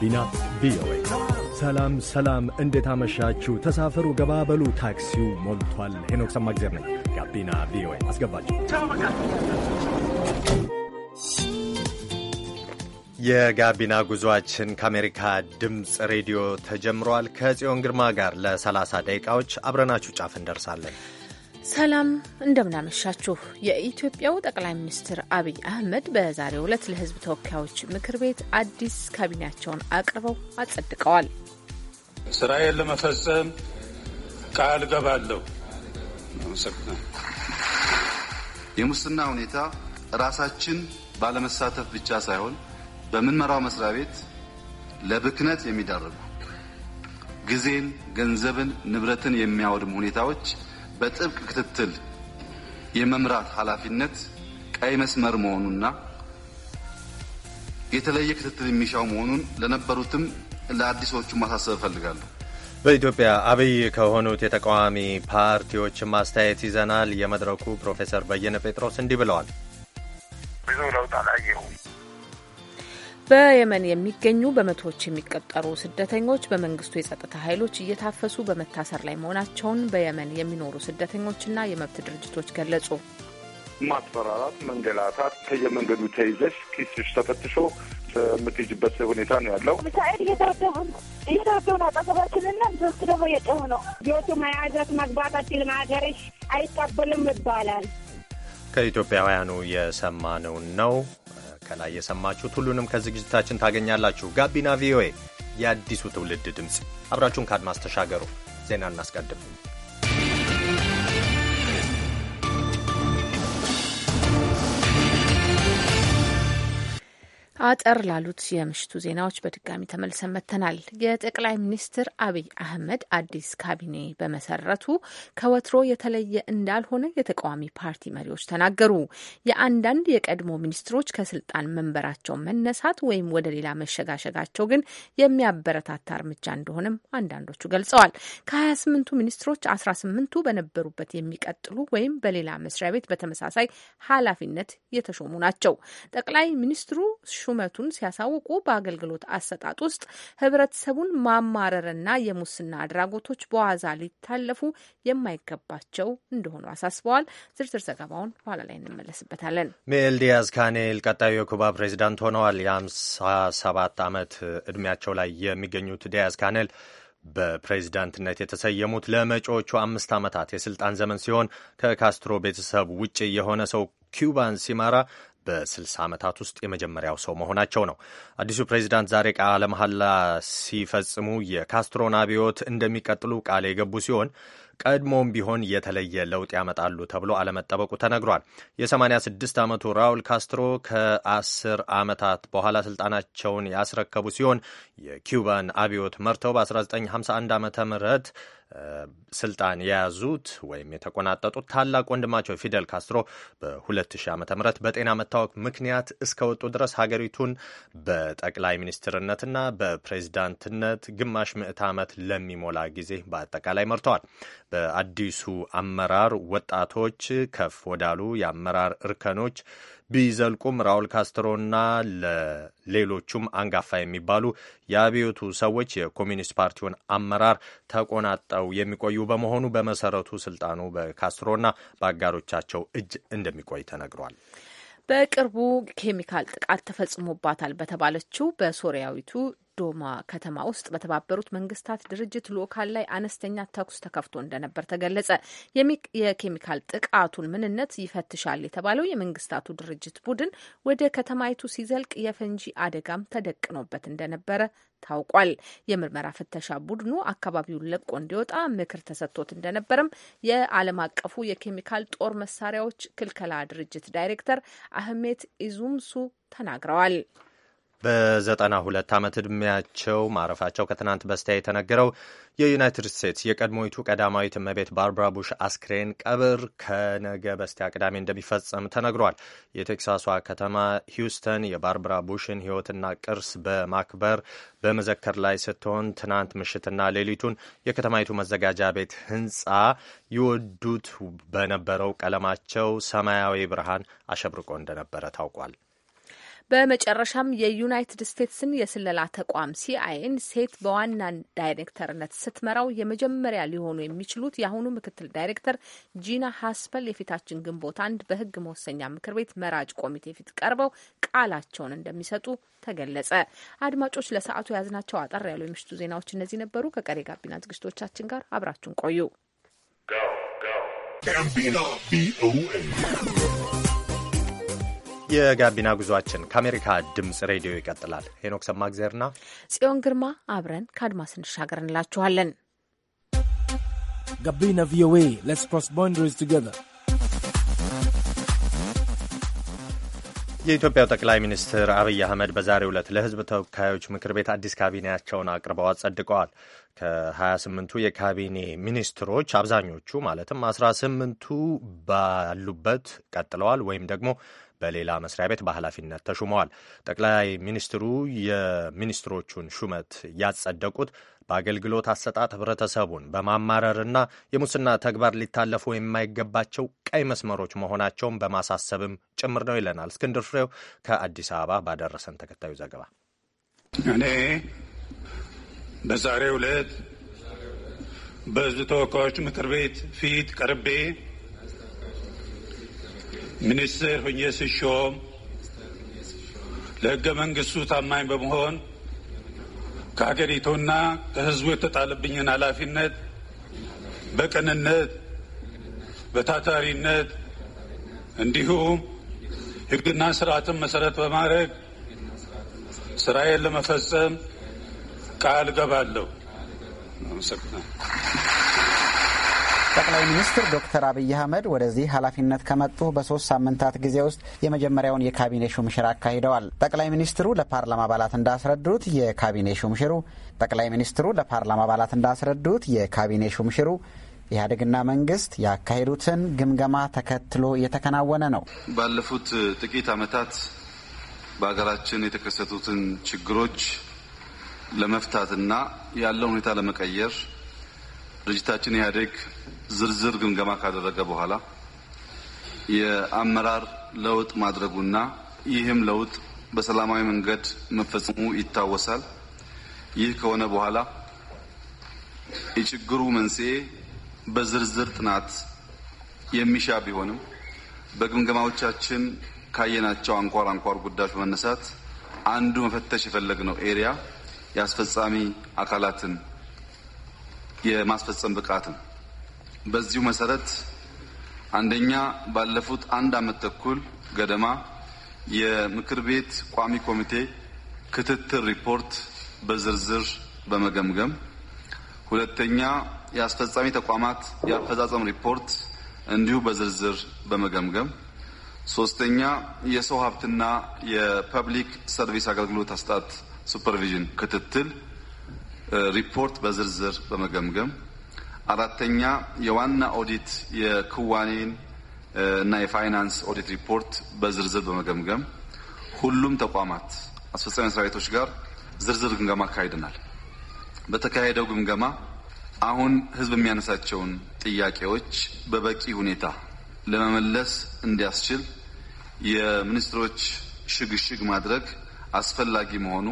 ጋቢና ቪኦኤ። ሰላም ሰላም፣ እንዴት አመሻችሁ? ተሳፈሩ፣ ገባበሉ፣ ታክሲው ሞልቷል። ሄኖክ ሰማግዜር ነኝ። ጋቢና ቪኦኤ አስገባችሁ። የጋቢና ጉዞአችን ከአሜሪካ ድምፅ ሬዲዮ ተጀምሯል። ከጽዮን ግርማ ጋር ለ30 ደቂቃዎች አብረናችሁ ጫፍ እንደርሳለን። ሰላም እንደምናመሻችሁ። የኢትዮጵያው ጠቅላይ ሚኒስትር አብይ አህመድ በዛሬው ዕለት ለሕዝብ ተወካዮች ምክር ቤት አዲስ ካቢኔያቸውን አቅርበው አጸድቀዋል። ስራዬን ለመፈጸም ቃል ገባለሁ። የሙስና ሁኔታ ራሳችን ባለመሳተፍ ብቻ ሳይሆን በምንመራው መስሪያ ቤት ለብክነት የሚዳርጉ ጊዜን፣ ገንዘብን፣ ንብረትን የሚያወድሙ ሁኔታዎች በጥብቅ ክትትል የመምራት ኃላፊነት ቀይ መስመር መሆኑና የተለየ ክትትል የሚሻው መሆኑን ለነበሩትም ለአዲሶቹ ማሳሰብ እፈልጋለሁ። በኢትዮጵያ አብይ ከሆኑት የተቃዋሚ ፓርቲዎች ማስተያየት ይዘናል። የመድረኩ ፕሮፌሰር በየነ ጴጥሮስ እንዲህ ብለዋል። ብዙ ለውጥ አላየሁም። በየመን የሚገኙ በመቶዎች የሚቀጠሩ ስደተኞች በመንግስቱ የጸጥታ ኃይሎች እየታፈሱ በመታሰር ላይ መሆናቸውን በየመን የሚኖሩ ስደተኞችና የመብት ድርጅቶች ገለጹ። ማስፈራራት፣ መንገላታት፣ ከየመንገዱ ተይዘሽ ኪስሽ ተፈትሾ የምትይጅበት ሁኔታ ነው ያለው። ሚካኤል እየታደቡን እየታደቡን አጠገባችንና ሶስት ደግሞ እየጮሁ ነው። ጆቱ መያዘት መግባታችን ሀገርሽ አይቀበልም ይባላል። ከኢትዮጵያውያኑ የሰማነውን ነው። ከላይ የሰማችሁት ሁሉንም ከዝግጅታችን ታገኛላችሁ። ጋቢና ቪኦኤ የአዲሱ ትውልድ ድምፅ፣ አብራችሁን ከአድማስ ተሻገሩ። ዜና እናስቀድም። አጠር ላሉት የምሽቱ ዜናዎች በድጋሚ ተመልሰን መጥተናል። የጠቅላይ ሚኒስትር አብይ አህመድ አዲስ ካቢኔ በመሰረቱ ከወትሮ የተለየ እንዳልሆነ የተቃዋሚ ፓርቲ መሪዎች ተናገሩ። የአንዳንድ የቀድሞ ሚኒስትሮች ከስልጣን መንበራቸው መነሳት ወይም ወደ ሌላ መሸጋሸጋቸው ግን የሚያበረታታ እርምጃ እንደሆነም አንዳንዶቹ ገልጸዋል። 28 ሚኒስትሮች 18 ስምንቱ በነበሩበት የሚቀጥሉ ወይም በሌላ መስሪያ ቤት በተመሳሳይ ኃላፊነት የተሾሙ ናቸው። ጠቅላይ ሚኒስትሩ ሹመቱን ሲያሳውቁ በአገልግሎት አሰጣጥ ውስጥ ህብረተሰቡን ማማረርና የሙስና አድራጎቶች በዋዛ ሊታለፉ የማይገባቸው እንደሆኑ አሳስበዋል። ዝርዝር ዘገባውን በኋላ ላይ እንመለስበታለን። ሜል ዲያዝ ካኔል ቀጣዩ የኩባ ፕሬዚዳንት ሆነዋል። የ57 ዓመት እድሜያቸው ላይ የሚገኙት ዲያዝ ካኔል በፕሬዝዳንትነት የተሰየሙት ለመጪዎቹ አምስት ዓመታት የስልጣን ዘመን ሲሆን ከካስትሮ ቤተሰብ ውጭ የሆነ ሰው ኪውባን ሲመራ በ60 ዓመታት ውስጥ የመጀመሪያው ሰው መሆናቸው ነው። አዲሱ ፕሬዚዳንት ዛሬ ቃለ መሐላ ሲፈጽሙ የካስትሮን አብዮት እንደሚቀጥሉ ቃል የገቡ ሲሆን ቀድሞም ቢሆን የተለየ ለውጥ ያመጣሉ ተብሎ አለመጠበቁ ተነግሯል። የ86 ዓመቱ ራውል ካስትሮ ከ10 ዓመታት በኋላ ስልጣናቸውን ያስረከቡ ሲሆን የኪውባን አብዮት መርተው በ1951 ዓ ም ስልጣን የያዙት ወይም የተቆናጠጡት ታላቅ ወንድማቸው ፊደል ካስትሮ በ2000 ዓ ም በጤና መታወክ ምክንያት እስከወጡ ድረስ ሀገሪቱን በጠቅላይ ሚኒስትርነትና በፕሬዚዳንትነት ግማሽ ምዕት ዓመት ለሚሞላ ጊዜ በአጠቃላይ መርተዋል። በአዲሱ አመራር ወጣቶች ከፍ ወዳሉ የአመራር እርከኖች ቢዘልቁም ራውል ካስትሮና ለሌሎቹም አንጋፋ የሚባሉ የአብዮቱ ሰዎች የኮሚኒስት ፓርቲውን አመራር ተቆናጠው የሚቆዩ በመሆኑ በመሰረቱ ስልጣኑ በካስትሮና በአጋሮቻቸው እጅ እንደሚቆይ ተነግሯል። በቅርቡ ኬሚካል ጥቃት ተፈጽሞባታል በተባለችው በሶሪያዊቱ ዶማ ከተማ ውስጥ በተባበሩት መንግስታት ድርጅት ሎካል ላይ አነስተኛ ተኩስ ተከፍቶ እንደነበር ተገለጸ። የኬሚካል ጥቃቱን ምንነት ይፈትሻል የተባለው የመንግስታቱ ድርጅት ቡድን ወደ ከተማይቱ ሲዘልቅ የፈንጂ አደጋም ተደቅኖበት እንደነበረ ታውቋል። የምርመራ ፍተሻ ቡድኑ አካባቢውን ለቆ እንዲወጣ ምክር ተሰጥቶት እንደነበረም የዓለም አቀፉ የኬሚካል ጦር መሳሪያዎች ክልከላ ድርጅት ዳይሬክተር አህሜት ኢዙምሱ ተናግረዋል። በዘጠና ሁለት ዓመት ዕድሜያቸው ማረፋቸው ከትናንት በስቲያ የተነገረው የዩናይትድ ስቴትስ የቀድሞይቱ ቀዳማዊት እመቤት ባርብራ ቡሽ አስክሬን ቀብር ከነገ በስቲያ ቅዳሜ እንደሚፈጸም ተነግሯል። የቴክሳሷ ከተማ ሂውስተን የባርብራ ቡሽን ሕይወትና ቅርስ በማክበር በመዘከር ላይ ስትሆን ትናንት ምሽትና ሌሊቱን የከተማይቱ መዘጋጃ ቤት ሕንፃ ይወዱት በነበረው ቀለማቸው ሰማያዊ ብርሃን አሸብርቆ እንደነበረ ታውቋል። በመጨረሻም የዩናይትድ ስቴትስን የስለላ ተቋም ሲአይን ሴት በዋና ዳይሬክተርነት ስትመራው የመጀመሪያ ሊሆኑ የሚችሉት የአሁኑ ምክትል ዳይሬክተር ጂና ሀስፐል የፊታችን ግንቦት አንድ በህግ መወሰኛ ምክር ቤት መራጭ ኮሚቴ ፊት ቀርበው ቃላቸውን እንደሚሰጡ ተገለጸ። አድማጮች ለሰዓቱ የያዝናቸው አጠር ያሉ የምሽቱ ዜናዎች እነዚህ ነበሩ። ከቀሪ ጋቢና ዝግጅቶቻችን ጋር አብራችሁን ቆዩ። የጋቢና ጉዟችን ከአሜሪካ ድምፅ ሬዲዮ ይቀጥላል። ሄኖክ ሰማግዜርና ጽዮን ግርማ አብረን ከአድማስ እንሻገር እንላችኋለን። ጋቢና ቪኦኤ ሌትስ ክሮስ ቦንደሪስ ቱጌዘር የኢትዮጵያው ጠቅላይ ሚኒስትር አብይ አህመድ በዛሬው ዕለት ለሕዝብ ተወካዮች ምክር ቤት አዲስ ካቢኔያቸውን አቅርበው አጸድቀዋል። ከ28ቱ የካቢኔ ሚኒስትሮች አብዛኞቹ ማለትም 18ቱ ባሉበት ቀጥለዋል ወይም ደግሞ በሌላ መስሪያ ቤት በኃላፊነት ተሹመዋል። ጠቅላይ ሚኒስትሩ የሚኒስትሮቹን ሹመት ያጸደቁት በአገልግሎት አሰጣጥ ህብረተሰቡን በማማረርና የሙስና ተግባር ሊታለፉ የማይገባቸው ቀይ መስመሮች መሆናቸውን በማሳሰብም ጭምር ነው ይለናል እስክንድር ፍሬው ከአዲስ አበባ ባደረሰን ተከታዩ ዘገባ። እኔ በዛሬው ዕለት በህዝብ ተወካዮች ምክር ቤት ፊት ቀርቤ ሚኒስትር ሁኜ ስሾም ለህገ መንግስቱ ታማኝ በመሆን ከሀገሪቱና ከህዝቡ የተጣለብኝን ኃላፊነት በቅንነት፣ በታታሪነት እንዲሁም ህግና ስርዓትን መሰረት በማድረግ ስራዬን ለመፈጸም ቃል ገባለሁ። አመሰግናለሁ። ጠቅላይ ሚኒስትር ዶክተር አብይ አህመድ ወደዚህ ኃላፊነት ከመጡ በሶስት ሳምንታት ጊዜ ውስጥ የመጀመሪያውን የካቢኔ ሹምሽር አካሂደዋል። ጠቅላይ ሚኒስትሩ ለፓርላማ አባላት እንዳስረዱት የካቢኔ ሹምሽሩ ጠቅላይ ሚኒስትሩ ለፓርላማ አባላት እንዳስረዱት የካቢኔ ሹምሽሩ ኢህአዴግና መንግስት ያካሄዱትን ግምገማ ተከትሎ እየተከናወነ ነው። ባለፉት ጥቂት ዓመታት በሀገራችን የተከሰቱትን ችግሮች ለመፍታትና ያለውን ሁኔታ ለመቀየር ድርጅታችን ኢህአዴግ ዝርዝር ግምገማ ካደረገ በኋላ የአመራር ለውጥ ማድረጉና ይህም ለውጥ በሰላማዊ መንገድ መፈጸሙ ይታወሳል። ይህ ከሆነ በኋላ የችግሩ መንስኤ በዝርዝር ጥናት የሚሻ ቢሆንም በግምገማዎቻችን ካየናቸው አንኳር አንኳር ጉዳዮች በመነሳት አንዱ መፈተሽ የፈለግነው ኤሪያ የአስፈጻሚ አካላትን የማስፈጸም ብቃትን በዚሁ መሰረት አንደኛ ባለፉት አንድ ዓመት ተኩል ገደማ የምክር ቤት ቋሚ ኮሚቴ ክትትል ሪፖርት በዝርዝር በመገምገም፣ ሁለተኛ የአስፈጻሚ ተቋማት የአፈጻጸም ሪፖርት እንዲሁ በዝርዝር በመገምገም፣ ሶስተኛ የሰው ሀብትና የፐብሊክ ሰርቪስ አገልግሎት አስጣት ሱፐርቪዥን ክትትል ሪፖርት በዝርዝር በመገምገም አራተኛ የዋና ኦዲት የክዋኔን እና የፋይናንስ ኦዲት ሪፖርት በዝርዝር በመገምገም ሁሉም ተቋማት አስፈጻሚ መስሪያ ቤቶች ጋር ዝርዝር ግምገማ አካሂደናል። በተካሄደው ግምገማ አሁን ህዝብ የሚያነሳቸውን ጥያቄዎች በበቂ ሁኔታ ለመመለስ እንዲያስችል የሚኒስትሮች ሽግሽግ ማድረግ አስፈላጊ መሆኑ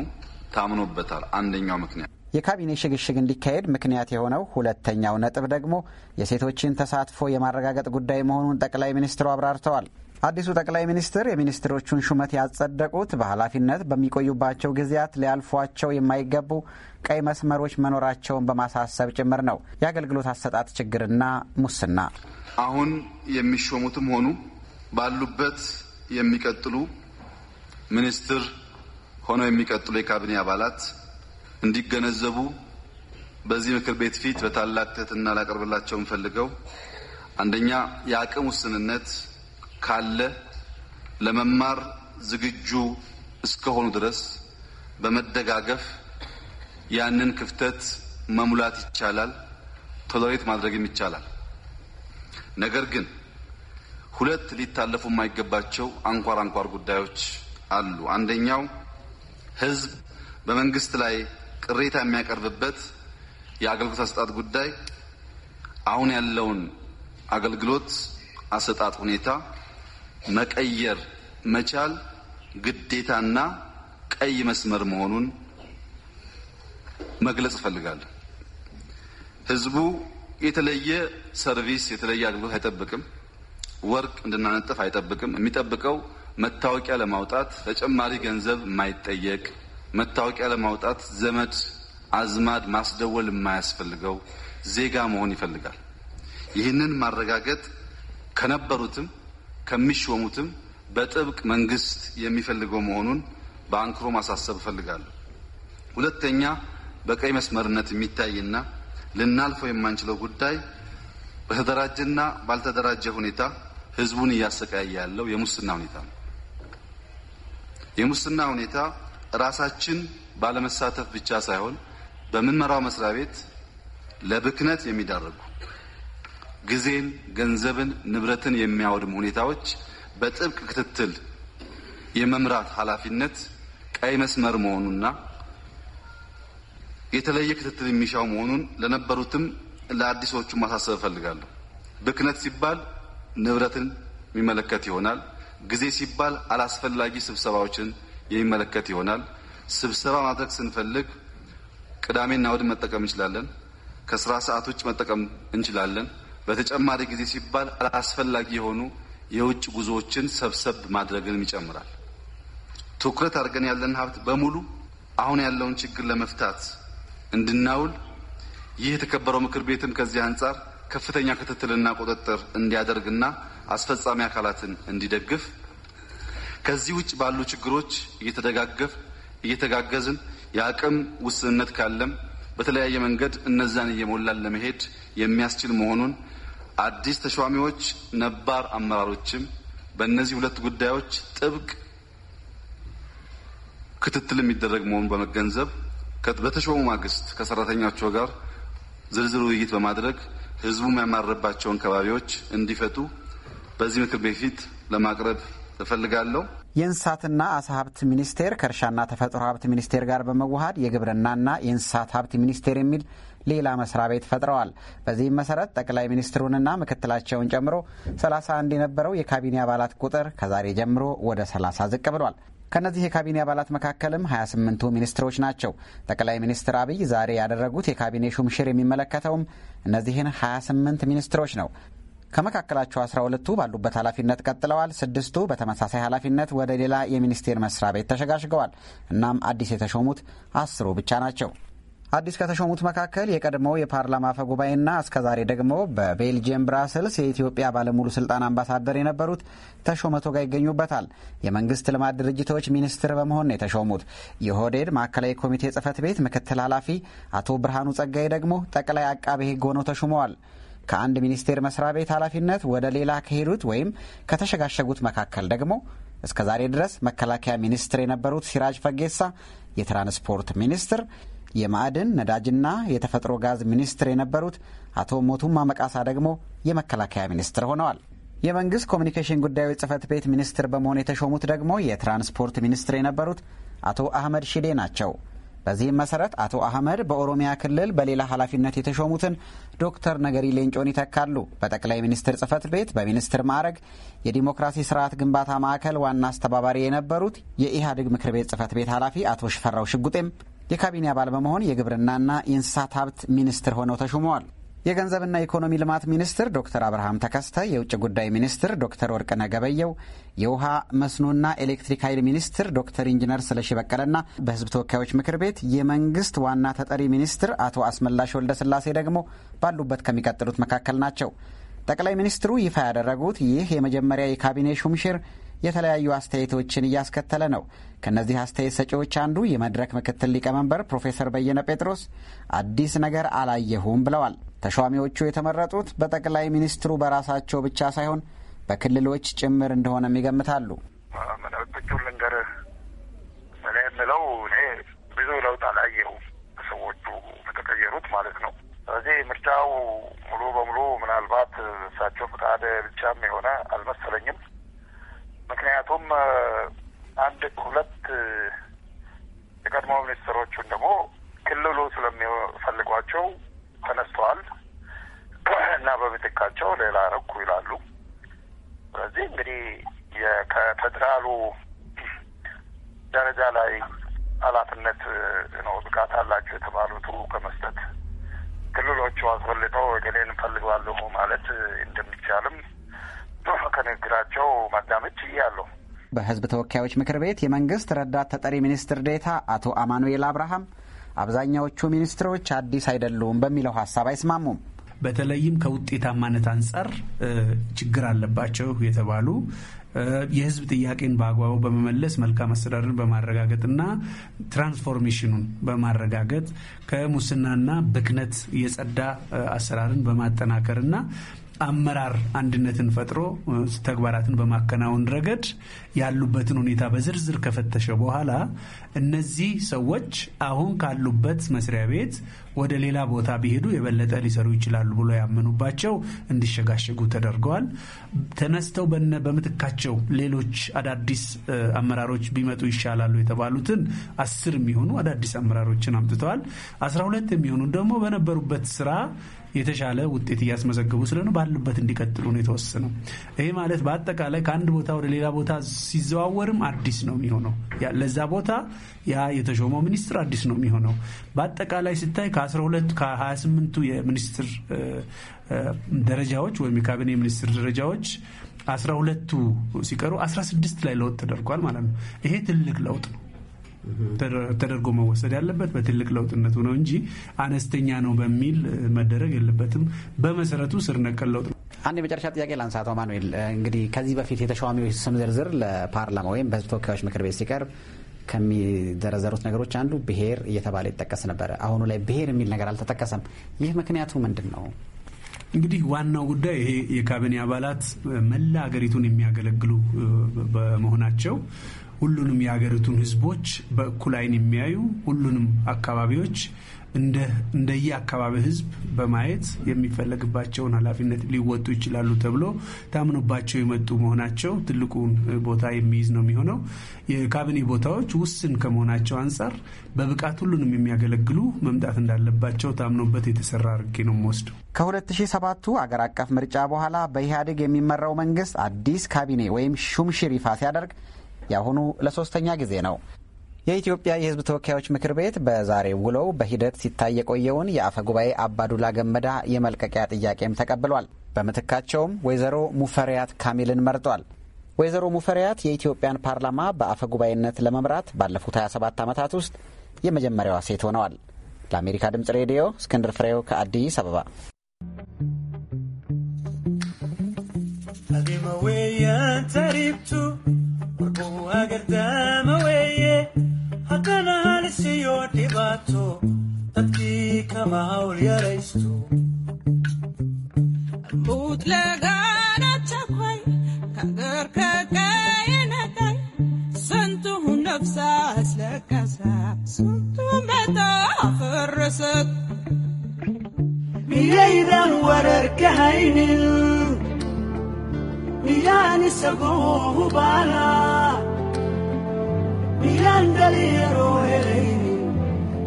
ታምኖበታል። አንደኛው ምክንያት የካቢኔ ሽግሽግ እንዲካሄድ ምክንያት የሆነው ሁለተኛው ነጥብ ደግሞ የሴቶችን ተሳትፎ የማረጋገጥ ጉዳይ መሆኑን ጠቅላይ ሚኒስትሩ አብራርተዋል። አዲሱ ጠቅላይ ሚኒስትር የሚኒስትሮቹን ሹመት ያጸደቁት በኃላፊነት በሚቆዩባቸው ጊዜያት ሊያልፏቸው የማይገቡ ቀይ መስመሮች መኖራቸውን በማሳሰብ ጭምር ነው። የአገልግሎት አሰጣጥ ችግርና ሙስና አሁን የሚሾሙትም ሆኑ ባሉበት የሚቀጥሉ ሚኒስትር ሆነው የሚቀጥሉ የካቢኔ አባላት እንዲገነዘቡ በዚህ ምክር ቤት ፊት በታላቅ ትህትና ላቀርብላቸው እንፈልገው አንደኛ የአቅም ውስንነት ካለ ለመማር ዝግጁ እስከሆኑ ድረስ በመደጋገፍ ያንን ክፍተት መሙላት ይቻላል፣ ቶለሬት ማድረግም ይቻላል። ነገር ግን ሁለት ሊታለፉ የማይገባቸው አንኳር አንኳር ጉዳዮች አሉ። አንደኛው ህዝብ በመንግስት ላይ ቅሬታ የሚያቀርብበት የአገልግሎት አሰጣጥ ጉዳይ አሁን ያለውን አገልግሎት አሰጣጥ ሁኔታ መቀየር መቻል ግዴታና ቀይ መስመር መሆኑን መግለጽ እፈልጋለሁ። ህዝቡ የተለየ ሰርቪስ፣ የተለየ አገልግሎት አይጠብቅም። ወርቅ እንድናነጥፍ አይጠብቅም። የሚጠብቀው መታወቂያ ለማውጣት ተጨማሪ ገንዘብ የማይጠየቅ መታወቂያ ለማውጣት ዘመድ አዝማድ ማስደወል የማያስፈልገው ዜጋ መሆን ይፈልጋል። ይህንን ማረጋገጥ ከነበሩትም ከሚሾሙትም በጥብቅ መንግስት የሚፈልገው መሆኑን በአንክሮ ማሳሰብ እፈልጋለሁ። ሁለተኛ በቀይ መስመርነት የሚታይና ልናልፈው የማንችለው ጉዳይ በተደራጀና ባልተደራጀ ሁኔታ ህዝቡን እያሰቃየ ያለው የሙስና ሁኔታ ነው። የሙስና ሁኔታ ራሳችን ባለመሳተፍ ብቻ ሳይሆን በምንመራው መስሪያ ቤት ለብክነት የሚዳርጉ ጊዜን፣ ገንዘብን፣ ንብረትን የሚያወድሙ ሁኔታዎች በጥብቅ ክትትል የመምራት ኃላፊነት ቀይ መስመር መሆኑና የተለየ ክትትል የሚሻው መሆኑን ለነበሩትም ለአዲሶቹ ማሳሰብ እፈልጋለሁ። ብክነት ሲባል ንብረትን የሚመለከት ይሆናል። ጊዜ ሲባል አላስፈላጊ ስብሰባዎችን የሚመለከት ይሆናል። ስብሰባ ማድረግ ስንፈልግ ቅዳሜና ወድ መጠቀም እንችላለን። ከስራ ሰዓት ውጭ መጠቀም እንችላለን። በተጨማሪ ጊዜ ሲባል አላስፈላጊ የሆኑ የውጭ ጉዞዎችን ሰብሰብ ማድረግንም ይጨምራል። ትኩረት አድርገን ያለን ሀብት በሙሉ አሁን ያለውን ችግር ለመፍታት እንድናውል ይህ የተከበረው ምክር ቤትም ከዚህ አንጻር ከፍተኛ ክትትልና ቁጥጥር እንዲያደርግና አስፈጻሚ አካላትን እንዲደግፍ ከዚህ ውጭ ባሉ ችግሮች እየተደጋገፍ እየተጋገዝን የአቅም ውስንነት ካለም በተለያየ መንገድ እነዛን እየሞላን ለመሄድ የሚያስችል መሆኑን አዲስ ተሿሚዎች ነባር አመራሮችም በእነዚህ ሁለት ጉዳዮች ጥብቅ ክትትል የሚደረግ መሆኑን በመገንዘብ በተሾሙ ማግስት ከሰራተኛቸው ጋር ዝርዝር ውይይት በማድረግ ህዝቡ የሚያማርባቸውን ከባቢዎች እንዲፈቱ በዚህ ምክር ቤት ፊት ለማቅረብ እፈልጋለሁ። የእንስሳትና አሳ ሀብት ሚኒስቴር ከእርሻና ተፈጥሮ ሀብት ሚኒስቴር ጋር በመዋሃድ የግብርናና የእንስሳት ሀብት ሚኒስቴር የሚል ሌላ መስሪያ ቤት ፈጥረዋል። በዚህም መሰረት ጠቅላይ ሚኒስትሩንና ምክትላቸውን ጨምሮ 31 የነበረው የካቢኔ አባላት ቁጥር ከዛሬ ጀምሮ ወደ 30 ዝቅ ብሏል። ከእነዚህ የካቢኔ አባላት መካከልም 28ቱ ሚኒስትሮች ናቸው። ጠቅላይ ሚኒስትር አብይ ዛሬ ያደረጉት የካቢኔ ሹምሽር የሚመለከተውም እነዚህን 28 ሚኒስትሮች ነው። ከመካከላቸው 12ቱ ባሉበት ኃላፊነት ቀጥለዋል። ስድስቱ በተመሳሳይ ኃላፊነት ወደ ሌላ የሚኒስቴር መስሪያ ቤት ተሸጋሽገዋል። እናም አዲስ የተሾሙት አስሩ ብቻ ናቸው። አዲስ ከተሾሙት መካከል የቀድሞው የፓርላማ አፈ ጉባኤና እስከዛሬ ደግሞ በቤልጅየም ብራስልስ የኢትዮጵያ ባለሙሉ ስልጣን አምባሳደር የነበሩት ተሾመ ቶጋ ይገኙበታል። የመንግስት ልማት ድርጅቶች ሚኒስትር በመሆን ነው የተሾሙት። የሆዴድ ማዕከላዊ ኮሚቴ ጽህፈት ቤት ምክትል ኃላፊ አቶ ብርሃኑ ጸጋዬ ደግሞ ጠቅላይ አቃቤ ሕግ ሆነው ተሹመዋል። ከአንድ ሚኒስቴር መስሪያ ቤት ኃላፊነት ወደ ሌላ ከሄዱት ወይም ከተሸጋሸጉት መካከል ደግሞ እስከ ዛሬ ድረስ መከላከያ ሚኒስትር የነበሩት ሲራጅ ፈጌሳ፣ የትራንስፖርት ሚኒስትር፣ የማዕድን ነዳጅና የተፈጥሮ ጋዝ ሚኒስትር የነበሩት አቶ ሞቱማ መቃሳ ደግሞ የመከላከያ ሚኒስትር ሆነዋል። የመንግስት ኮሚኒኬሽን ጉዳዮች ጽህፈት ቤት ሚኒስትር በመሆን የተሾሙት ደግሞ የትራንስፖርት ሚኒስትር የነበሩት አቶ አህመድ ሺዴ ናቸው። በዚህም መሰረት አቶ አህመድ በኦሮሚያ ክልል በሌላ ኃላፊነት የተሾሙትን ዶክተር ነገሪ ሌንጮን ይተካሉ። በጠቅላይ ሚኒስትር ጽህፈት ቤት በሚኒስትር ማዕረግ የዲሞክራሲ ስርዓት ግንባታ ማዕከል ዋና አስተባባሪ የነበሩት የኢህአዴግ ምክር ቤት ጽህፈት ቤት ኃላፊ አቶ ሽፈራው ሽጉጤም የካቢኔ አባል በመሆን የግብርናና የእንስሳት ሀብት ሚኒስትር ሆነው ተሹመዋል። የገንዘብና ኢኮኖሚ ልማት ሚኒስትር ዶክተር አብርሃም ተከስተ፣ የውጭ ጉዳይ ሚኒስትር ዶክተር ወርቅነህ ገበየው፣ የውሃ መስኖና ኤሌክትሪክ ኃይል ሚኒስትር ዶክተር ኢንጂነር ስለሺ በቀለና በህዝብ ተወካዮች ምክር ቤት የመንግስት ዋና ተጠሪ ሚኒስትር አቶ አስመላሽ ወልደስላሴ ደግሞ ባሉበት ከሚቀጥሉት መካከል ናቸው። ጠቅላይ ሚኒስትሩ ይፋ ያደረጉት ይህ የመጀመሪያ የካቢኔ ሹምሽር የተለያዩ አስተያየቶችን እያስከተለ ነው። ከእነዚህ አስተያየት ሰጪዎች አንዱ የመድረክ ምክትል ሊቀመንበር ፕሮፌሰር በየነ ጴጥሮስ አዲስ ነገር አላየሁም ብለዋል። ተሿሚዎቹ የተመረጡት በጠቅላይ ሚኒስትሩ በራሳቸው ብቻ ሳይሆን በክልሎች ጭምር እንደሆነም ይገምታሉ። ምንብጩን ልንገርህ እኔ የምለው እኔ ብዙ ለውጥ አላየሁም ሰዎቹ በተቀየሩት ማለት ነው። ስለዚህ ምርጫው ሙሉ በሙሉ ምናልባት እሳቸው ፍቃድ ብቻም የሆነ አልመሰለኝም። ምክንያቱም አንድ ሁለት የቀድሞ ሚኒስትሮቹን ደግሞ ክልሉ ስለሚፈልጓቸው ተነስተዋል እና በምትካቸው ሌላ ረኩ ይላሉ። ስለዚህ እንግዲህ ከፌዴራሉ ደረጃ ላይ ኃላፊነት ነው ብቃት አላቸው የተባሉቱ ከመስጠት ክልሎቹ አስፈልጠው ወገኔን እንፈልገዋለሁ ማለት እንደሚቻልም ከንግግራቸው ማዳመጥ ችያለሁ። በህዝብ ተወካዮች ምክር ቤት የመንግስት ረዳት ተጠሪ ሚኒስትር ዴታ አቶ አማኑኤል አብርሃም አብዛኛዎቹ ሚኒስትሮች አዲስ አይደሉም በሚለው ሀሳብ አይስማሙም። በተለይም ከውጤታማነት አንጻር ችግር አለባቸው የተባሉ የህዝብ ጥያቄን በአግባቡ በመመለስ መልካም አስተዳደርን በማረጋገጥና ትራንስፎርሜሽኑን በማረጋገጥ ከሙስናና ብክነት የጸዳ አሰራርን በማጠናከርና አመራር አንድነትን ፈጥሮ ተግባራትን በማከናወን ረገድ ያሉበትን ሁኔታ በዝርዝር ከፈተሸ በኋላ እነዚህ ሰዎች አሁን ካሉበት መስሪያ ቤት ወደ ሌላ ቦታ ቢሄዱ የበለጠ ሊሰሩ ይችላሉ ብሎ ያመኑባቸው እንዲሸጋሸጉ ተደርገዋል። ተነስተው በምትካቸው ሌሎች አዳዲስ አመራሮች ቢመጡ ይሻላሉ የተባሉትን አስር የሚሆኑ አዳዲስ አመራሮችን አምጥተዋል። አስራ ሁለት የሚሆኑ ደግሞ በነበሩበት ስራ የተሻለ ውጤት እያስመዘገቡ ስለሆነ ባሉበት እንዲቀጥሉ ነው የተወሰነው። ይህ ማለት በአጠቃላይ ከአንድ ቦታ ወደ ሌላ ቦታ ሲዘዋወርም አዲስ ነው የሚሆነው። ለዛ ቦታ ያ የተሾመው ሚኒስትር አዲስ ነው የሚሆነው። በአጠቃላይ ሲታይ ከ12 ከ28ቱ የሚኒስትር ደረጃዎች ወይም የካቢኔ የሚኒስትር ደረጃዎች 1ሁቱ ሲቀሩ 16 ላይ ለውጥ ተደርጓል ማለት ነው። ይሄ ትልቅ ለውጥ ነው። ተደርጎ መወሰድ ያለበት በትልቅ ለውጥነቱ ነው እንጂ አነስተኛ ነው በሚል መደረግ የለበትም። በመሰረቱ ስር ነቀል ለውጥ ነው። አንድ የመጨረሻ ጥያቄ ላንሳ። አቶ ማኑኤል እንግዲህ ከዚህ በፊት የተሿሚዎች ስም ዝርዝር ለፓርላማ ወይም በህዝብ ተወካዮች ምክር ቤት ሲቀርብ ከሚዘረዘሩት ነገሮች አንዱ ብሄር እየተባለ ይጠቀስ ነበረ። አሁኑ ላይ ብሄር የሚል ነገር አልተጠቀሰም። ይህ ምክንያቱ ምንድን ነው? እንግዲህ ዋናው ጉዳይ ይሄ የካቢኔ አባላት መላ ሀገሪቱን የሚያገለግሉ በመሆናቸው ሁሉንም የሀገሪቱን ህዝቦች በእኩል አይን የሚያዩ ሁሉንም አካባቢዎች እንደየ አካባቢ ህዝብ በማየት የሚፈለግባቸውን ኃላፊነት ሊወጡ ይችላሉ ተብሎ ታምኖባቸው የመጡ መሆናቸው ትልቁን ቦታ የሚይዝ ነው የሚሆነው። የካቢኔ ቦታዎች ውስን ከመሆናቸው አንጻር በብቃት ሁሉንም የሚያገለግሉ መምጣት እንዳለባቸው ታምኖበት የተሰራ አድርጌ ነው የምወስደው። ከ2007ቱ አገር አቀፍ ምርጫ በኋላ በኢህአዴግ የሚመራው መንግስት አዲስ ካቢኔ ወይም ሹምሽር ይፋ ሲያደርግ የአሁኑ ለሶስተኛ ጊዜ ነው። የኢትዮጵያ የሕዝብ ተወካዮች ምክር ቤት በዛሬ ውለው በሂደት ሲታይ የቆየውን የአፈ ጉባኤ አባዱላ ገመዳ የመልቀቂያ ጥያቄም ተቀብሏል። በምትካቸውም ወይዘሮ ሙፈሪያት ካሚልን መርጧል። ወይዘሮ ሙፈሪያት የኢትዮጵያን ፓርላማ በአፈ ጉባኤነት ለመምራት ባለፉት 27 ዓመታት ውስጥ የመጀመሪያዋ ሴት ሆነዋል። ለአሜሪካ ድምፅ ሬዲዮ እስክንድር ፍሬው ከአዲስ አበባ። warquu agartama weeye haddana halisiyo dhibaato dadkii kama hawl yaraysto almuud lagaana takway kangarka kayanatay santuhu nafsaas lakasa suntumata farsad miyaydan wararka haynin miyaan isagoo hubaanaa miyaan dhalinyaroo helaynin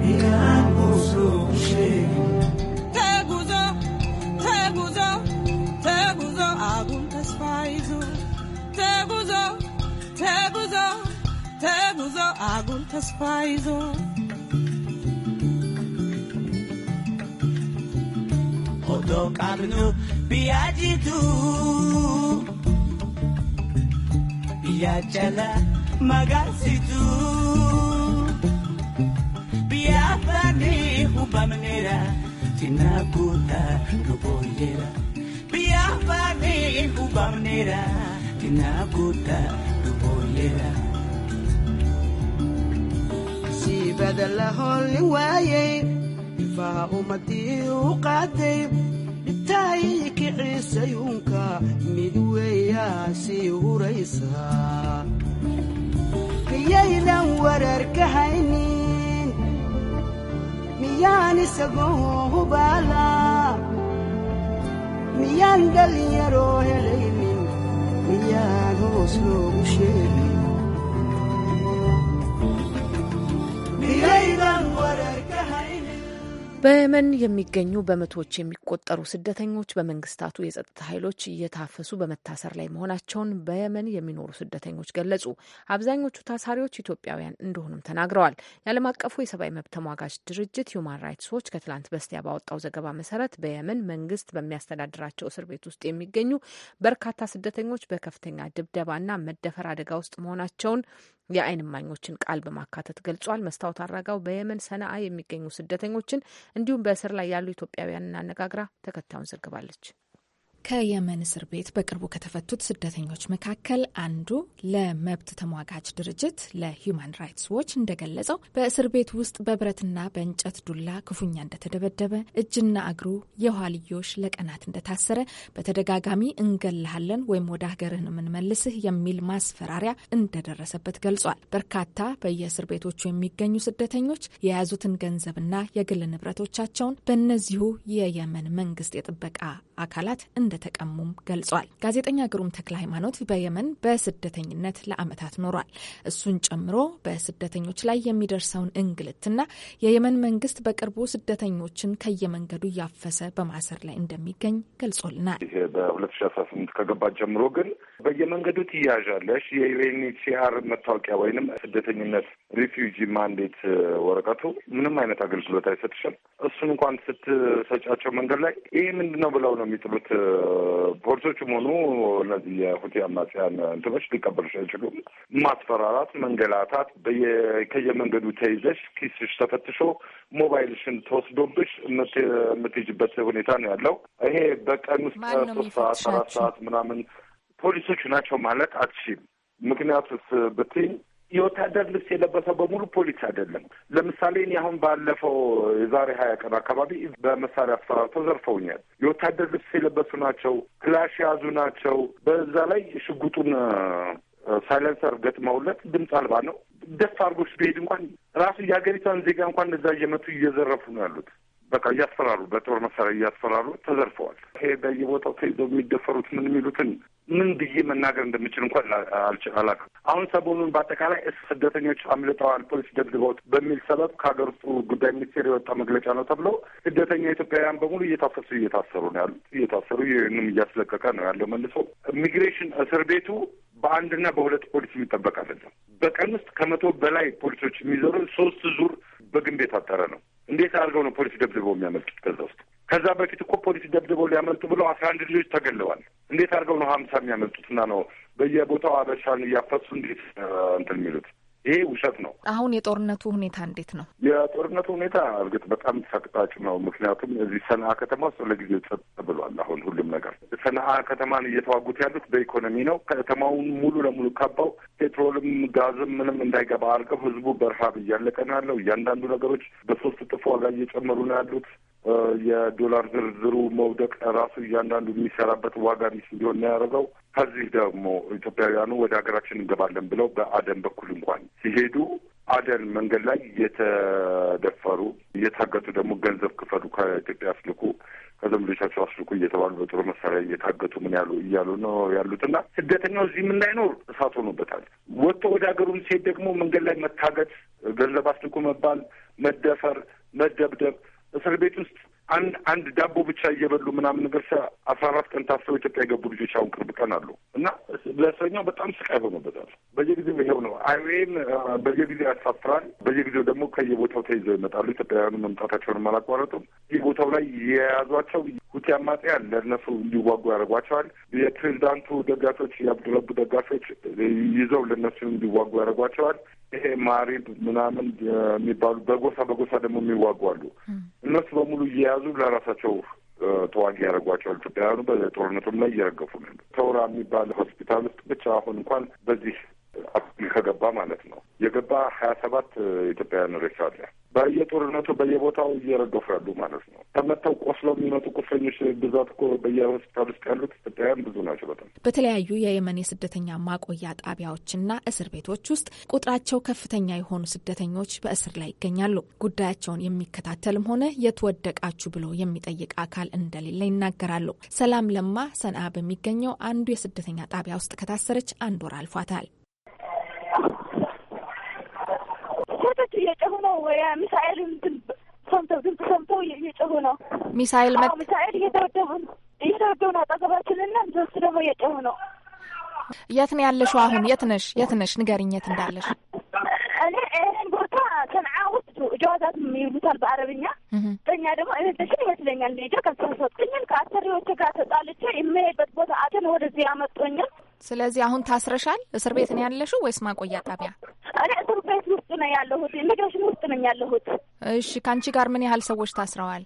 miyaan kuusloogu sheegin teeguzo teeguzo teeguzo agun tasfaayizu teeguzo teeguzo teeguzo agun tasfaayizu Odo qabnu biyyaa jituu. Biyya jala magaalsitu. Biyya afaanii hubamneera tina kutaa lubooyeera. Biyya afaanii hubamneera tina kutaa lubooyeera. Si badala hooli waayee ifaa ummatii tahay kiciisayuunka sii huraysaa miyaynan wararka haynin miyaan isagoo hubaalaa miyaan dhalinyaroo helaynin miyaan hoos loogu sheegin በየመን የሚገኙ በመቶዎች የሚቆጠሩ ስደተኞች በመንግስታቱ የጸጥታ ኃይሎች እየታፈሱ በመታሰር ላይ መሆናቸውን በየመን የሚኖሩ ስደተኞች ገለጹ። አብዛኞቹ ታሳሪዎች ኢትዮጵያውያን እንደሆኑም ተናግረዋል። የዓለም አቀፉ የሰብአዊ መብት ተሟጋች ድርጅት ሁማን ራይትስ ዎች ከትላንት በስቲያ ባወጣው ዘገባ መሰረት በየመን መንግስት በሚያስተዳድራቸው እስር ቤት ውስጥ የሚገኙ በርካታ ስደተኞች በከፍተኛ ድብደባና መደፈር አደጋ ውስጥ መሆናቸውን የአይን እማኞችን ቃል በማካተት ገልጿል። መስታወት አራጋው በየመን ሰነአ የሚገኙ ስደተኞችን እንዲሁም በእስር ላይ ያሉ ኢትዮጵያውያንን አነጋግራ ተከታዩን ዘግባለች። ከየመን እስር ቤት በቅርቡ ከተፈቱት ስደተኞች መካከል አንዱ ለመብት ተሟጋች ድርጅት ለሂዩማን ራይትስ ዎች እንደገለጸው በእስር ቤት ውስጥ በብረትና በእንጨት ዱላ ክፉኛ እንደተደበደበ፣ እጅና እግሩ የኋልዮሽ ለቀናት እንደታሰረ፣ በተደጋጋሚ እንገልሃለን ወይም ወደ ሀገርህን የምንመልስህ የሚል ማስፈራሪያ እንደደረሰበት ገልጿል። በርካታ በየእስር ቤቶቹ የሚገኙ ስደተኞች የያዙትን ገንዘብና የግል ንብረቶቻቸውን በእነዚሁ የየመን መንግስት የጥበቃ አካላት እንደተቀሙም ገልጿል። ጋዜጠኛ ግሩም ተክለ ሃይማኖት በየመን በስደተኝነት ለአመታት ኖሯል። እሱን ጨምሮ በስደተኞች ላይ የሚደርሰውን እንግልትና የየመን መንግስት በቅርቡ ስደተኞችን ከየመንገዱ እያፈሰ በማሰር ላይ እንደሚገኝ ገልጾልናል። ይሄ በሁለት ሺ አስራ ስምንት ከገባት ጀምሮ ግን በየመንገዱ ትያዣለሽ። የዩኤንኤችሲአር መታወቂያ ወይንም ስደተኝነት ሪፊውጂ ማንዴት ወረቀቱ ምንም አይነት አገልግሎት አይሰጥሽም። እሱን እንኳን ስትሰጫቸው መንገድ ላይ ይሄ ምንድን ነው ብለው ነው የሚጥሉት ፖሊሶቹም ሆኑ እነዚህ የሁቲ አማጽያን እንትኖች ሊቀበሉሽ አይችሉም። ማስፈራራት፣ መንገላታት፣ ከየመንገዱ ተይዘሽ ኪስሽ ተፈትሾ ሞባይልሽን ተወስዶብሽ የምትይጅበት ሁኔታ ነው ያለው። ይሄ በቀን ውስጥ ሶስት ሰዓት አራት ሰዓት ምናምን ፖሊሶቹ ናቸው ማለት አትሺም። ምክንያቱስ ብትይ የወታደር ልብስ የለበሰው በሙሉ ፖሊስ አይደለም። ለምሳሌ እኔ አሁን ባለፈው የዛሬ ሀያ ቀን አካባቢ በመሳሪያ አሰራር ዘርፈውኛል። የወታደር ልብስ የለበሱ ናቸው፣ ክላሽ የያዙ ናቸው። በዛ ላይ ሽጉጡን ሳይለንሰር ገጥመውለት ድምፅ አልባ ነው። ደስ አድርጎች ቢሄድ እንኳን ራሱ የሀገሪቷን ዜጋ እንኳን እዛ እየመቱ እየዘረፉ ነው ያሉት። በቃ እያስፈራሩ በጦር መሳሪያ እያስፈራሩ ተዘርፈዋል። ይሄ በየቦታው ተይዘው የሚደፈሩት ምን የሚሉትን ምን ብዬ መናገር እንደምችል እንኳን አላውቅም። አሁን ሰሞኑን በአጠቃላይ ስደተኞች አምልጠዋል፣ ፖሊስ ደብድበውት በሚል ሰበብ ከሀገር ውስጥ ጉዳይ ሚኒስቴር የወጣ መግለጫ ነው ተብለው ስደተኛ ኢትዮጵያውያን በሙሉ እየታፈሱ እየታሰሩ ነው ያሉት። እየታሰሩ ይህንም እያስለቀቀ ነው ያለው መልሶ ኢሚግሬሽን እስር ቤቱ በአንድና በሁለት ፖሊስ የሚጠበቅ አይደለም። በቀን ውስጥ ከመቶ በላይ ፖሊሶች የሚዘሩ ሶስት ዙር በግንብ የታጠረ ነው። እንዴት አድርገው ነው ፖሊስ ደብድበው የሚያመልጡት? ከዛ ውስጥ ከዛ በፊት እኮ ፖሊስ ደብድበው ሊያመልጡ ብለው አስራ አንድ ልጆች ተገለዋል። እንዴት አድርገው ነው ሀምሳ የሚያመልጡትና ነው በየቦታው አበሻን እያፈሱ እንዴት እንትን የሚሉት? ይሄ ውሸት ነው። አሁን የጦርነቱ ሁኔታ እንዴት ነው? የጦርነቱ ሁኔታ እርግጥ በጣም ተሰቅጣጭ ነው። ምክንያቱም እዚህ ሰንአ ከተማ ውስጥ ለጊዜው ጸጥ ብሏል። አሁን ሁሉም ነገር ሰንአ ከተማን እየተዋጉት ያሉት በኢኮኖሚ ነው። ከተማውን ሙሉ ለሙሉ ከባው ፔትሮልም፣ ጋዝም ምንም እንዳይገባ አድርገው ህዝቡ በረሃብ እያለቀ ነው ያለው። እያንዳንዱ ነገሮች በሶስት እጥፍ ዋጋ እየጨመሩ ነው ያሉት። የዶላር ዝርዝሩ መውደቅ ራሱ እያንዳንዱ የሚሰራበት ዋጋ ቢስ እንዲሆን ያደረገው። ከዚህ ደግሞ ኢትዮጵያውያኑ ወደ ሀገራችን እንገባለን ብለው በአደን በኩል እንኳን ሲሄዱ አደን መንገድ ላይ እየተደፈሩ እየታገቱ ደግሞ ገንዘብ ክፈሉ ከኢትዮጵያ አስልኩ ከዘመዶቻቸው አስልኩ እየተባሉ በጦር መሳሪያ እየታገቱ ምን ያሉ እያሉ ነው ያሉትና ስደተኛው እዚህም እንዳይኖር እሳት ሆኖበታል። ወጥቶ ወደ ሀገሩም ሲሄድ ደግሞ መንገድ ላይ መታገት፣ ገንዘብ አስልኩ መባል፣ መደፈር፣ መደብደብ እስር ቤት ውስጥ አንድ አንድ ዳቦ ብቻ እየበሉ ምናምን ነገር አስራ አራት ቀን ታስረው ኢትዮጵያ የገቡ ልጆች አሁን ቅርብ ቀን አሉ እና ለእስረኛው በጣም ስቃይ ሆኖበታል። በየጊዜው ይሄው ነው። አይዌን በየጊዜው ያሳፍራል። በየጊዜው ደግሞ ከየቦታው ተይዘው ይመጣሉ። ኢትዮጵያውያኑ መምጣታቸውንም አላቋረጡም። ይህ ቦታው ላይ የያዟቸው ሁቲ አማጽያን ለእነሱ እንዲዋጉ ያደርጓቸዋል። የፕሬዚዳንቱ ደጋፊዎች፣ የአብዱረቡ ደጋፊዎች ይዘው ለእነሱ እንዲዋጉ ያደርጓቸዋል። ይሄ ማሪብ ምናምን የሚባሉ በጎሳ በጎሳ ደግሞ የሚዋጉ አሉ። እነሱ በሙሉ እየያዙ ለራሳቸው ተዋጊ ያደረጓቸዋል። ኢትዮጵያውያኑ በጦርነቱም ላይ እየረገፉ ነው። ተውራ የሚባል ሆስፒታል ውስጥ ብቻ አሁን እንኳን በዚህ ከገባ ማለት ነው የገባ ሀያ ሰባት ኢትዮጵያውያን ሬሳ አለ። በየጦርነቱ በየቦታው እየረገፉ ያሉ ማለት ነው። ተመተው ቆስለው የሚመጡ ቁስለኞች ብዛት እኮ በየሆስፒታል ውስጥ ያሉት ኢትዮጵያውያን ብዙ ናቸው። በጣም በተለያዩ የየመን የስደተኛ ማቆያ ጣቢያዎችና እስር ቤቶች ውስጥ ቁጥራቸው ከፍተኛ የሆኑ ስደተኞች በእስር ላይ ይገኛሉ። ጉዳያቸውን የሚከታተልም ሆነ የተወደቃችሁ ብሎ የሚጠይቅ አካል እንደሌለ ይናገራሉ። ሰላም ለማ ሰንአ በሚገኘው አንዱ የስደተኛ ጣቢያ ውስጥ ከታሰረች አንድ ወር አልፏታል። ሴቶች እየጨሁ ነው ሚሳኤል እንትን ሰምተው ድምፅ ሰምተው እየጮሁ ነው። ሚሳኤል መ ሚሳኤል እየተወደቡ እየተወደቡ ነው አጠገባችንና ሶስት ደግሞ እየጮሁ ነው። የት ነው ያለሽው? አሁን የት ነሽ? የት ነሽ? ንገሪኝ የት እንዳለሽ። እኔ ይህን ቦታ ከነዓ ውስጥ ጀዋዛት ይሉታል በአረብኛ። እኛ ደግሞ እህልሽን ይመስለኛል ሄጃ ከሰሰጥቅኝን ከአሰሪዎች ጋር ተጣልቼ የምሄድበት ቦታ አትን ወደዚህ ያመጦኛል ስለዚህ አሁን ታስረሻል። እስር ቤት ነው ያለሽው ወይስ ማቆያ ጣቢያ? እኔ እስር ቤት ውስጥ ነው ያለሁት፣ ኢሚግሬሽን ውስጥ ነኝ ያለሁት። እሺ፣ ከአንቺ ጋር ምን ያህል ሰዎች ታስረዋል?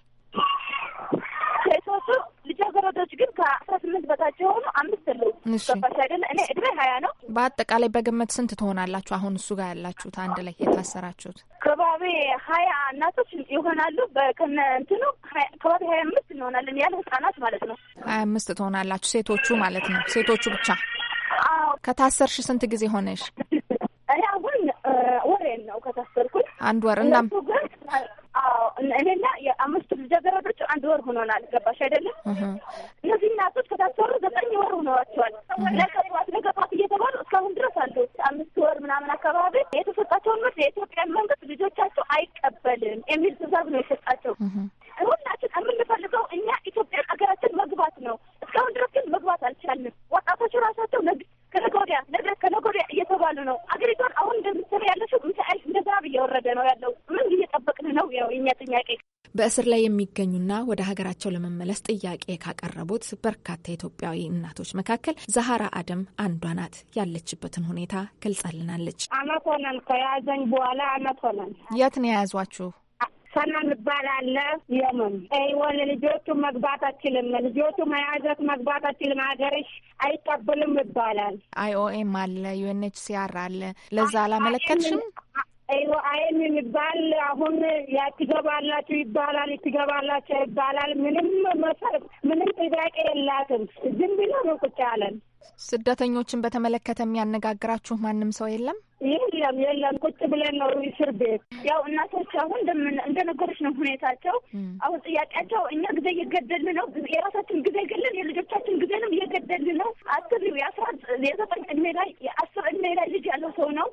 ሴቶቹ ልጃገረዶች ግን ከአስራ ስምንት በታች የሆኑ አምስት ሉ ገባሽ አይደለ? እኔ እድሜ ሀያ ነው። በአጠቃላይ በግምት ስንት ትሆናላችሁ? አሁን እሱ ጋር ያላችሁት አንድ ላይ የታሰራችሁት ከባቢ ሀያ እናቶች ይሆናሉ። በከነ እንትኑ ከባቢ ሀያ አምስት እንሆናለን ያለ ህጻናት ማለት ነው። ሀያ አምስት ትሆናላችሁ ሴቶቹ ማለት ነው። ሴቶቹ ብቻ ከታሰርሽ ስንት ጊዜ ሆነሽ? እኔ አሁን ወሬን ነው ከታሰርኩኝ አንድ ወር እና እኔና የአምስቱ ልጃገረዶች አንድ ወር ሆኖናል። ገባሽ አይደለም? እነዚህ እናቶች ከታሰሩ ዘጠኝ ወር ሆነዋቸዋል። ለገባት ለገባት እየተባሉ እስካሁን ድረስ አሉ። አምስት ወር ምናምን አካባቢ የተሰጣቸውን ምርት የኢትዮጵያን መንግስት ልጆቻቸው አይቀበልም የሚል ትዕዛዝ ነው የሰጣቸው። ከነገ ወዲያ እየተባሉ ነው። አገሪቷን አሁን እንደምትሰራ ያለችው ምሳኤል እንደ ዝናብ እየወረደ ነው ያለው። ምን እየጠበቅን ነው? ያው የኛ ጥያቄ በእስር ላይ የሚገኙና ወደ ሀገራቸው ለመመለስ ጥያቄ ካቀረቡት በርካታ ኢትዮጵያዊ እናቶች መካከል ዛሀራ አደም አንዷ ናት። ያለችበትን ሁኔታ ገልጻልናለች። አመት ሆነን ከያዘኝ በኋላ አመት ሆነን። የት ነው የያዟችሁ? ሰላም ይባላለ የምን ወን ልጆቹ መግባት አችልም ልጆቹ መያዘት መግባት አችልም ሀገርሽ አይቀብልም ይባላል። አይኦኤም አለ ዩኤንኤችሲአር አለ። ለዛ አላመለከትሽም? አይም የሚባል አሁን ያትገባላችሁ ይባላል ትገባላችሁ ይባላል። ምንም ምንም ጥያቄ የላትም። ዝም ብሎ ነው ቁጭ አለን ስደተኞችን በተመለከተ የሚያነጋግራችሁ ማንም ሰው የለም? የለም የለም። ቁጭ ብለን ነው እስር ቤት። ያው እናቶች አሁን እንደ ነገሮች ነው ሁኔታቸው። አሁን ጥያቄያቸው እኛ ጊዜ እየገደል ነው፣ የራሳችን ጊዜ ገለን የልጆቻችን ጊዜንም እየገደል ነው። አስር የአስራ የዘጠኝ እድሜ ላይ የአስር እድሜ ላይ ልጅ ያለው ሰው ነው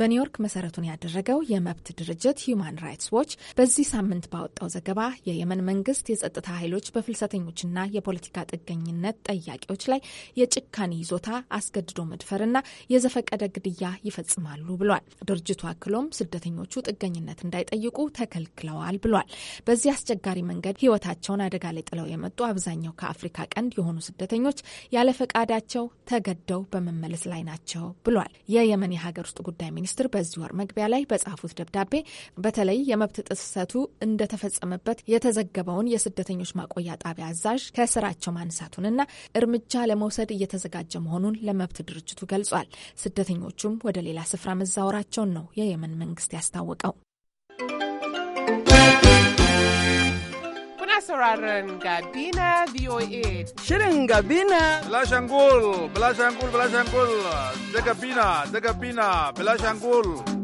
በኒውዮርክ መሰረቱን ያደረገው የመብት ድርጅት ሂዩማን ራይትስ ዎች በዚህ ሳምንት ባወጣ ባወጣው ዘገባ የየመን መንግስት የጸጥታ ኃይሎች በፍልሰተኞችና የፖለቲካ ጥገኝነት ጠያቂዎች ላይ የጭካኔ ይዞታ፣ አስገድዶ መድፈርና የዘፈቀደ ግድያ ይፈጽማሉ ብሏል። ድርጅቱ አክሎም ስደተኞቹ ጥገኝነት እንዳይጠይቁ ተከልክለዋል ብሏል። በዚህ አስቸጋሪ መንገድ ህይወታቸውን አደጋ ላይ ጥለው የመጡ አብዛኛው ከአፍሪካ ቀንድ የሆኑ ስደተኞች ያለ ፈቃዳቸው ተገደው በመመለስ ላይ ናቸው ብሏል። የየመን የሀገር ውስጥ ጉዳይ ሚኒስትር በዚህ ወር መግቢያ ላይ በጻፉት ደብዳቤ በተለይ የመብት ጥሰቱ እንደተፈ በተፈጸመበት የተዘገበውን የስደተኞች ማቆያ ጣቢያ አዛዥ ከስራቸው ማንሳቱንና እርምጃ ለመውሰድ እየተዘጋጀ መሆኑን ለመብት ድርጅቱ ገልጿል። ስደተኞቹም ወደ ሌላ ስፍራ መዛወራቸውን ነው የየመን መንግስት ያስታወቀው። sauraron Gabina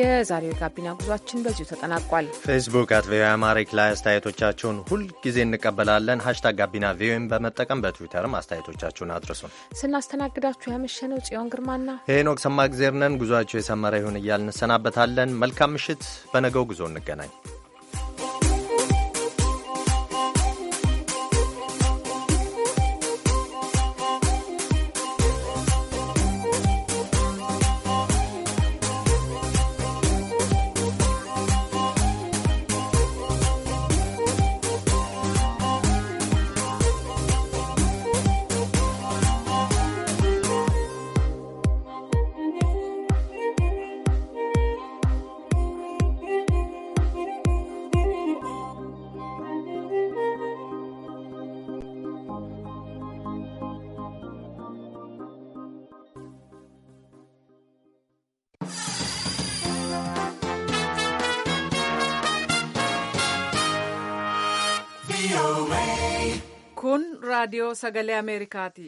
የዛሬው የጋቢና ጉዟችን በዚሁ ተጠናቋል። ፌስቡክ አት ቪኦኤ አማሪክ ላይ አስተያየቶቻችሁን ሁልጊዜ እንቀበላለን። ሀሽታግ ጋቢና ቪኦኤም በመጠቀም በትዊተርም አስተያየቶቻችሁን አድርሱን። ስናስተናግዳችሁ ያመሸነው ጽዮን ግርማና ሄኖክ ሰማ ጊዜርነን ጉዟቸው የሰመረ ይሁን እያል እንሰናበታለን። መልካም ምሽት። በነገው ጉዞ እንገናኝ። solo सगल्या अमेरिकाती